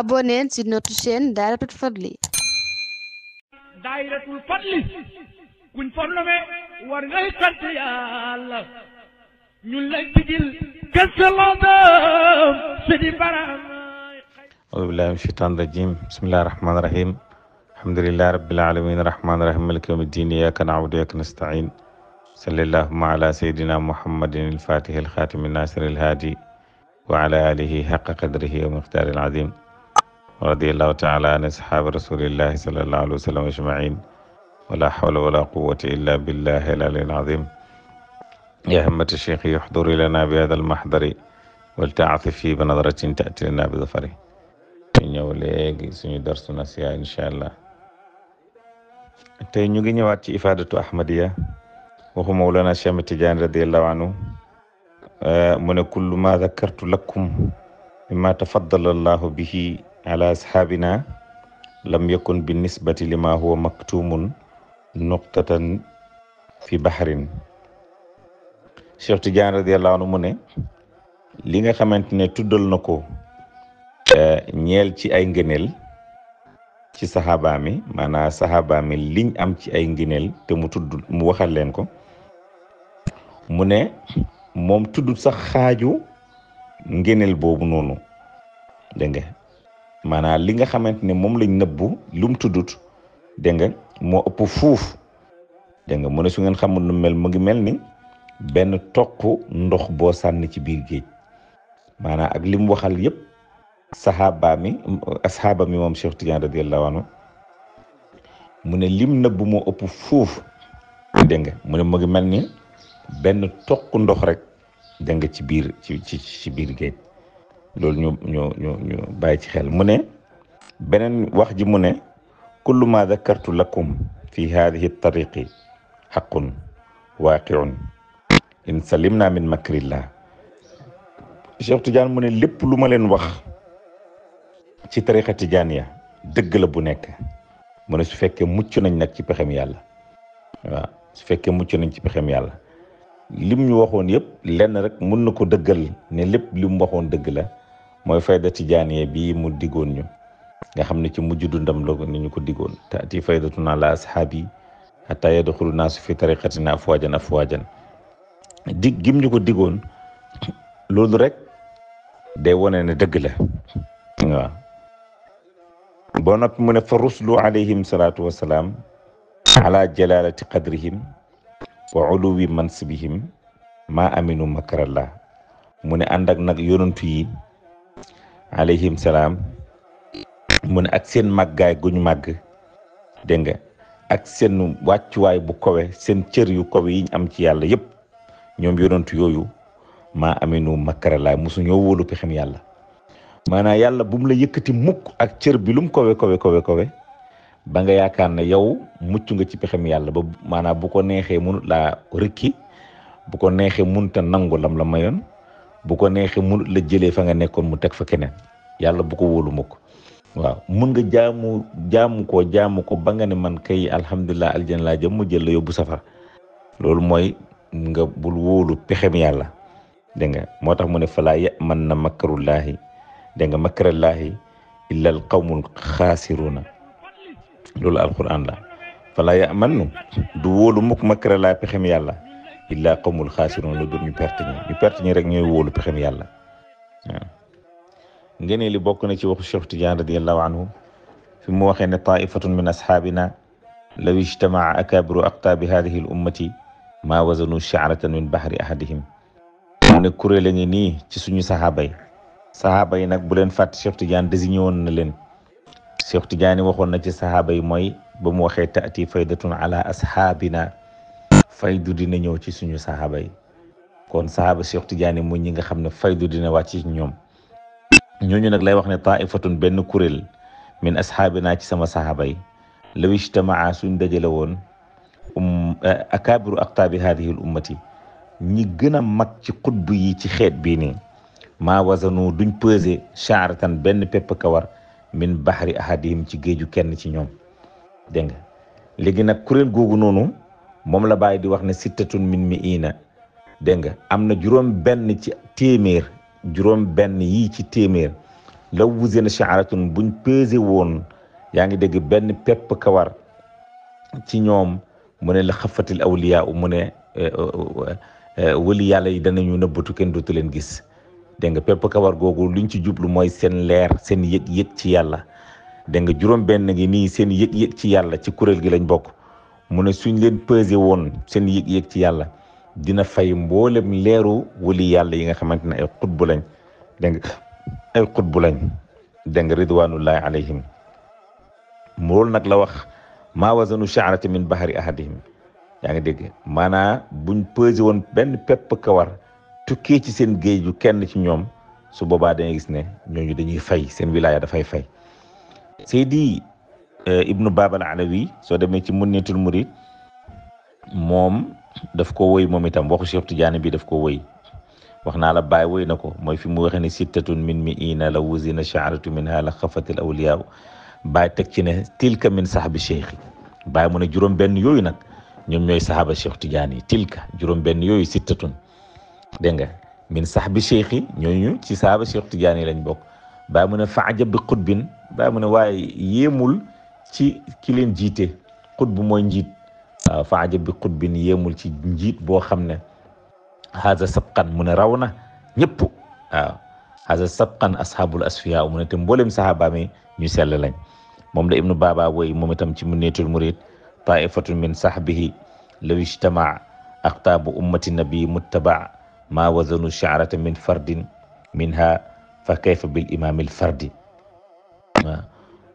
abonnez sur notre chaîne Dahiratoul Fadly Dahiratoul Fadly kuñ fornome war ngay sant yàlla ñun lay tigil kësalaadam sidi baram auzu billahi min shaytaan rajim bismillahi rahmaani rahim alhamdulillahi rabbil alamin rahmaani rahim maliki yawmi din iyyaka na'budu wa iyyaka nasta'in salli allahumma ala sayyidina muhammadin al-fatihi al-khatimi nasir al-hadi wa ala alihi haqqa qadrihi wa miqdaril azim radiallahu taala an asxaabi rasulillahi salallahu alayhi wa sallam ajmain wala xawla wala quwata illa billahi alalil azim ya himmata cheikh yuxduri lana bi hada almaxdari waltaati fi bi nadratin taati lana bi zafari ñu ñëw léegi suñu darsu nasiha incha allah tey ñu ngi ñëwaat ci ifadatu ahmadiya waxu mawlana cheikh tijaani radiallahu anhu mu ne kullu ma dakartu lakum mimma tafaddala allahu bihi ala asxaabina lam yakun bi nisbati lima huwa maktumun nuqtatan fi bahrin Cheikh Tidiane radiallahu anhu mu ne li nga xamante ne tuddal na ko eh, ñeel ci ay ngëneel ci saxaabaa mi maanaam saxaabaa liñ am ci ay ngëneel te mu waxal leen ko mu ne moom tudd sax xaaju ngëneel boobu noonu dégg maanaam li nga xamante ne moom lañ nëbbu lu mu tuddut dégg nga moo ëpp fuuf dégg nga mu ne su ngeen xamul nu mel mu ngi mel ni benn toq ndox boo sànni ci biir géej maanaam ak li mu waxal yëpp saxaaba mi asxaaba mi moom Cheikh Tidiane radiyallahu anhu mu ne lim nëbbu moo ëpp fuuf dégg nga mu ne mu ngi mel ni benn toq ndox rek dégg nga ci biir ci ci biir géej. loolu ñu ñu ñu ñu bàyyi ci xel mu ne beneen wax ji mu ne kullu ma dakartu lakum fi hadihi tariqi xaqun waaqiun in salim naa min makrillah Cheikh Tidiane mu ne lépp lu ma leen wax ci tariqa ya dëgg la bu nekk mu ne su fekkee mucc nañ nag ci pexem yàlla waaw su fekkee mucc nañ ci pexem yàlla lim ñu waxoon yëpp lenn rek mun na ko dëggal ne lépp li mu waxoon dëgg la mooy fayda tijaaniye bi mu diggoon ñu nga xam ne ci mujj dundam la ni ñu ko diggoon taati faydatuna la asxaabi xata yadxulu naasu fi tariqatina afwajan afwajan gim ñu ko diggoon loolu rek day wone ne dëgg la waaw boo mu ne fa ruslu alayhim salaatu wasalaam ala jalalati qadrihim wa uluwi mansibihim ma aminu makrallah mu ne ànd nag yonantu alayhim salaam mu ne ak seen màggaay guñ màgg dégg nga ak seen wàccuwaay bu kowe seen cër yu kowe yiñ am ci yàlla yëpp ñoom yonantu yooyu maa aminu makkara laa mosu ñoo wóolu pexem yàlla maanaam yàlla bu mu la yëkkati mukk ak cër bi lum kowe kowe kowe kowe ba nga yaakaar ne yow mucc nga ci pexem yàlla ba maanaam bu ko neexee mënut laa rëkki bu ko neexee mënut a nangu lam la mayoon bu ko neexee mu la jëlee fa nga nekkoon mu teg fa keneen yàlla bu ko wóolu mukk waaw mën nga jaamu jaamu ko jaamu ko ba nga ne man kay alhamdulilah aljana laa jëm mu jël la yóbbu safar loolu mooy nga bul wóolu pexem yàlla dégg nga moo tax mu ne falaa man na makkarullaahi dégg nga makkarallaahi illa al qawmul xaasiruuna loolu alquran la falaa yaman nu du wóolu mukk makkarallaahi pexem yàlla illaa qawmul xaasiroon lu dul ñu perte ñi ñu perte ñi rek ñooy wóolu pexem yàlla waaw ngeen li bokk na ci waxu Cheikh Tidiane radiallahu anhu fi mu waxee ne taifatun min asxaabina law ijtamaa akaabiru aqtaabi hadihi l ummati maa wazanu shaaratan min bahri ahadihim mu ne kuréel a ngi nii ci suñu saxaaba yi saxaaba yi nag bu leen fàtte Cheikh Tidiane désigné woon na leen Cheikh Tidiane waxoon na ci saxaaba yi mooy ba mu waxee taati faydatun ala asxaabina faydu dina ñëw ci suñu saxaaba yi kon saxaaba Cheikh Tidiane mu ñi nga xam ne faydu dina wàcc ci ñoom ñooñu nag lay wax ne taifatun benn kuréel min asxaabinaa ci sama saxaaba yi law suñ dajale woon um eh, akaabiru aqtaabi haadihil ummati ñi gën a mag ci xutb yi ci xeet bii nii maa wasanu duñ pesé tan benn pepp kawar min baxri ahadihim ci géeju kenn ci ñoom dégg nga léegi nag kuréel googu noonu moom la bàyyi di wax ne sittatun min mi iina dégg nga am na juróom benn ci téeméer juróom benn yii ci téeméer law wuzina sha'ratun buñ pesé woon yaa ngi dégg benn pepp kawar ci ñoom mu ne la xafatil awliya mu ne eh, eh, eh, wëli yàlla yi danañu nëbbatu kenn dootu leen gis dégg nga pepp kawar googu liñ ci jublu mooy seen leer seen yëg-yëg ci yàlla dégg nga juróom benn ngi seen yëg-yëg ci yàlla ci kuréel gi lañ bokk mu ne suñ leen pesé woon seen yëg ci yàlla dina fay mboolem leeru wali yàlla yi nga xamante ne ay xutbu lañ dégg nga ay xutbu lañ dégg nga ridwanullahi alayhim mu loolu nag la wax maa wazanu shaarati min bahari ahadihim yaa ngi dégg maanaa buñ pesé woon benn pepp kawar tukkee ci seen géej ju kenn ci ñoom su boobaa dañuy gis ne ñooñu dañuy fay seen wilaya dafay fay Seydi Euh, ibnu baabal alawi soo demee ci munnitul murid moom daf ko woy moom itam waxu Cheikh Tidiane bi def ko woy wax naa la baay woy na ko mooy fi mu waxee ne sittatun min mi ina la wuzina shaaratu min ha la xafatil awliyaa bàyyi teg ci ne tilka min saxbi cheikh bàyyi mu na juróom benn yooyu nag ñoom ñooy saxaba Cheikh Tidiane yi tilka juróom benn yooyu sittatun dégg nga min saxbi cheikh yi ñooñu ci saxaba Cheikh Tidiane yi lañ bokk bàyyi mu ne faaja bi xutbin bàyyi ci ki jiite xutb mooy njiit ah, fa ajab bi xutb ni yéemul ci njiit boo xam ne haza sabqan mu ne raw na ñëpp waaw haza sabqan ashabul asfiya mu ne te mboolem sahabaami ñu sell lañ moom la ibnu baba woy moom itam ci munneetul murid taifatun min sahbihi law ijtama aqtaabu ummati nabi muttaba ma wazanu shaarata min fardin minha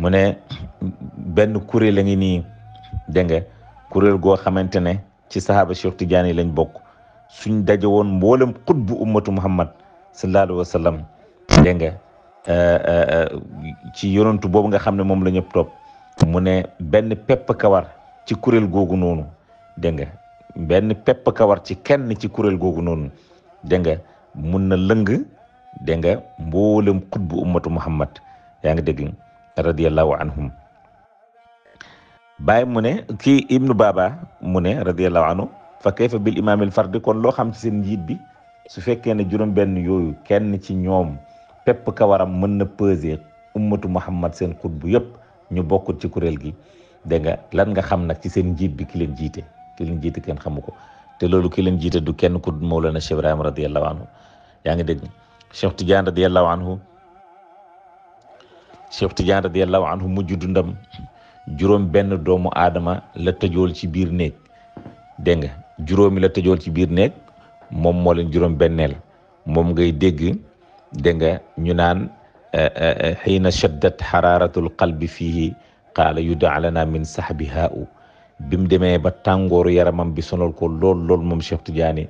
mu ne benn kuréel la ngi nii dégg nga kuréel goo xamante ne ci sahaaba Cheikh Tidiane yi lañ bokk suñ daje woon mboolem xutbu ummatu Muhammad sallallahu alayhi wa sallam dégg nga euh, euh, euh, ci yonantu boobu nga xam ne moom la ñëpp topp mu ne benn pepp kawar ci kuréel googu noonu dégg nga benn pepp kawar ci kenn ci kuréel googu noonu dégg nga mun na lëng dégg nga mboolem xutbu ummatu Muhammad yaa ngi dégg radiyallahu anhum bàyyi mu ne kii ibnu baba mu ne radiallahu anhu fa kayfa bil imaamil fardi kon loo xam ci seen njiit bi su fekkee ne juróom benn yooyu kenn ci ñoom pépp kawaram mën na peser ummatu muhammad seen xutbu yëpp ñu bokkut ci kuréel gi dégg nga lan nga xam nag ci seen njiit bi kileen leen jiite ki kenn xamu ko te loolu ki leen jiite du kenn ku Mawlana Cheikh Ibrahima radiallahu anhu yaa ngi dégg Cheikh Tidiane radiallahu anhu Cheikh Tidiane radiallahu anhu mujj dundam juróom benn doomu aadama la tëjool ci biir néeg dégg nga juróomi la tëjool ci biir néeg moom moo leen juróom benneel moom ngay dégg dégg nga ñu naan xiina eh, eh, eh, shaddat xaraaratul qalbi fiihi qaala yudaa lana min sahbi haau bi mu demee ba tàngooru yaramam bi sonal ko lool lool moom Cheikh Tidiane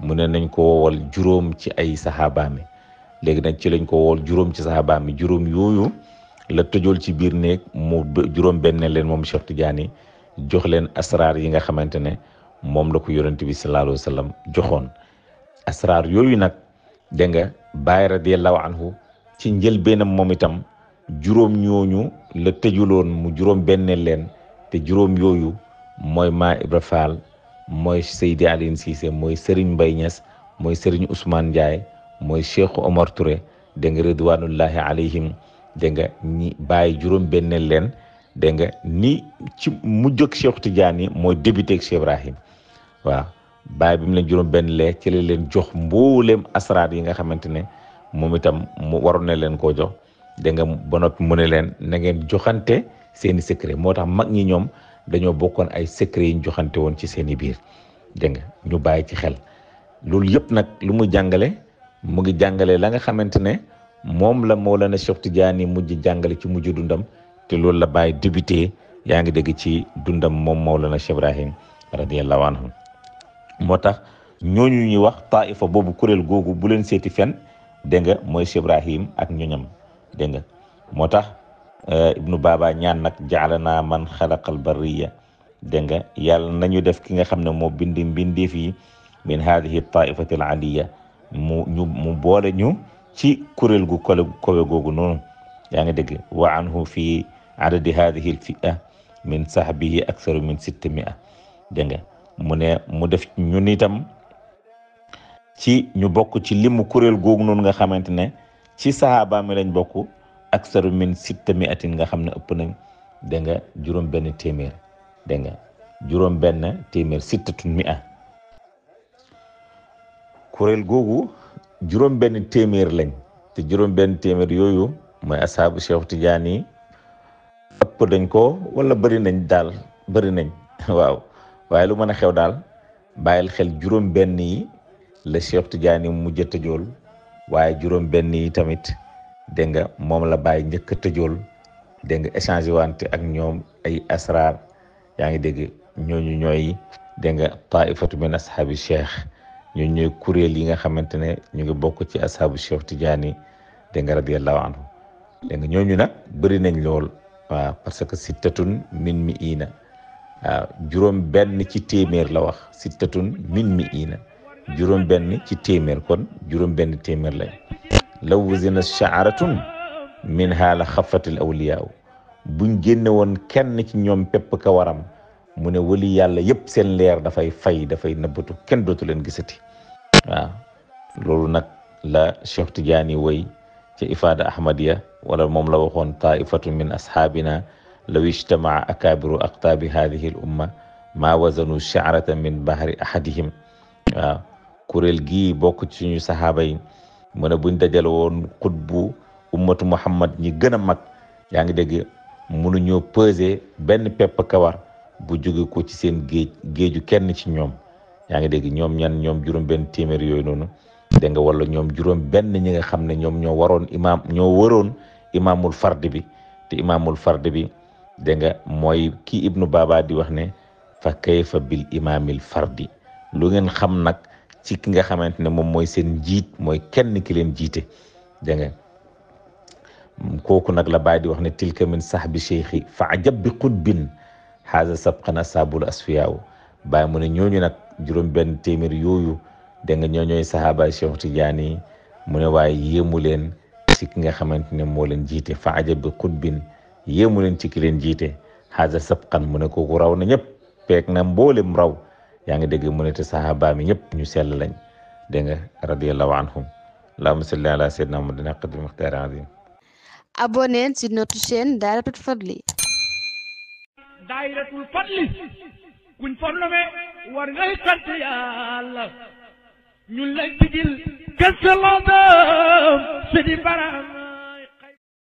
mu ne nañ ko wowal juróom ci ay saxaabaami léegi nag ci lañ ko wowal juróom ci saxaabaami juróom yooyu la tëjool ci biir néeg mu juróom benn leen moom Cheikh Tidiane jox leen asraar yi nga xamante ne moom la ko yonent bi sallallahu alayhi wa joxoon asraar yooyu nag dégg nga Baay radiyallahu anhu ci njëlbéenam moom itam juróom ñooñu la tëjuloon mu juróom benn leen te juróom yooyu mooy ma Ibra Fall mooy Seydi Alioune Cissé mooy Serigne mbay Niass mooy Serigne Ousmane Ndiaye mooy Cheikh Omar Touré dégg nga ridwanullahi alayhim dégg nga ñi bàyyi juróom-benneel leen dégg nga ni ci mujj ak Cheikh Tidiane yi mooy débuté ak Cheikh Ibrahim waaw bàyyi bi mu leen juróom-benn lee ci la leen jox mbooleem asraat yi nga xamante ne moom itam mu waroon na leen koo jox dégg nga ba noppi mu ne leen na ngeen joxante seeni secret moo tax mag ñi ñoom dañoo bokkoon ay secret yi joxante woon ci seeni biir dégg nga ñu bàyyi ci xel loolu yëpp nag lu mu jàngale mu ngi jàngale la nga xamante ne. moom la Mawlana Cheikh Tidiane mujj jàngale ci mujj dundam te loolu la bàyyi débuté yaa ngi dégg ci dundam moom Mawlana Cheikh Ibrahim radiyallahu anhu moo tax ñooñu ñuy wax taifa boobu kuréel googu bu leen seeti dégg nga mooy Cheikh Ibrahim ak ñoñam dégg nga moo tax euh, ibnu baba ñaan nag jaalana man xalaqal barriya dégg nga yàlla nañu def ki nga xam ne moo bindi mbindeef yi min hadihi taifati al aliya mu ñu mu boole ñu ci kuréel gu kole kowe googu noonu yaa ngi dégg wa anhu fi adadi hadihi lfia min sahbihi aksaru min sitta nga mu ne mu def ñun itam ci ñu bokk ci limu kuréel googu noonu nga xamante ne ci sahaaba mi lañ bokk aksaru min sitta miatin nga xam ne ëpp nañ dégg nga juróom benn téeméer dégg googu juróom benn téeméer lañ te juróom benn téeméer yooyu mooy asaabu Cheikh Tidiane yi ëpp dañ ko wala bëri nañ daal bëri nañ waaw waaye lu mën a xew daal bàyyil xel juróom benn yi la Cheikh Tidiane yi mujj a tëjool waaye juróom benn yi tamit dégg nga moom la bàyyi njëkk a tëjool dégg nga échangé wante ak ñoom ay asraar yaa ngi dégg ñooñu ñooy dégg nga taifatu min ashabi Cheikh ñu ñooy yi nga xamante ne ñu ngi bokk ci asaabu Cheikh Tidiane dégg nga radiyallahu anhu dégg nga ñooñu nag bëri nañ lool waaw parce que sittatun min mi iina waaw juróom benn ci téeméer la wax sittatun min mi iina juróom benn ci téeméer kon juróom benn téeméer lañ law wuzina sha'aratun min haala xafatil awliyaaw buñ génnewoon kenn ci ñoom pepp ka waram mu ne wali yàlla yëpp seen leer dafay fay dafay nëbbatu kenn dootu leen gisati loolu nag la Cheikh Tidiane woy ca ifaada ahmadiya wala moom la waxoon taifatu min ashaabina law ijtamaa akaabiru aqtaabi hadihi al wazanu shaaratan min bahri ahadihim waaw kuréel gii bokk ci suñu sahaaba yi mu ne buñ dajal woon xutbu ummatu muhammad ñi gën a mag yaa ngi dégg mënuñoo peser benn pepp kawar bu jóge ko ci seen géej géeju kenn ci ñoom yaa ngi dégg ñoom ñan ñoom juróom benn téeméer yooyu noonu dégg nga wala ñoom juróom benn ñi xam ne ñoom ñoo waroon imaam ñoo waroon imaamul fard bi te imaamul fard bi dégg nga mooy kii ibnu baaba di wax ne fa kayfa bil imaamil fardi lu ngeen xam nag ci ki nga xamante ne moom mooy seen njiit mooy kenn ki leen jiite dégg nga kooku nag la bàyyi di wax ne tilka min sax bi cheikhi fa ajab bi xutbin xaasa sabqana saabul asfiyaaw bàyyi mu ne ñooñu juróom benn téeméer yooyu da nga ñoo ñooy sahaaba Cheikh Tidiane mu ne waaye yéemu leen ci nga xamante ne moo leen jiite fa ajab bi xutbin yéemu leen ci ki leen jiite xaasa sabqan mu ne kooku raw na ñëpp peeg na mboolem raw yaa ngi dégg mu ne te mi ñëpp ñu sell lañ dégg nga radiyallahu anhum allahumma salli ala sayyidina muhammadin haqqi muxtaari azim abonnez sur notre chaîne daayiratul fadli kuñ fa nomee war ngay sant yàlla ñun lay digil kese la dem si di baram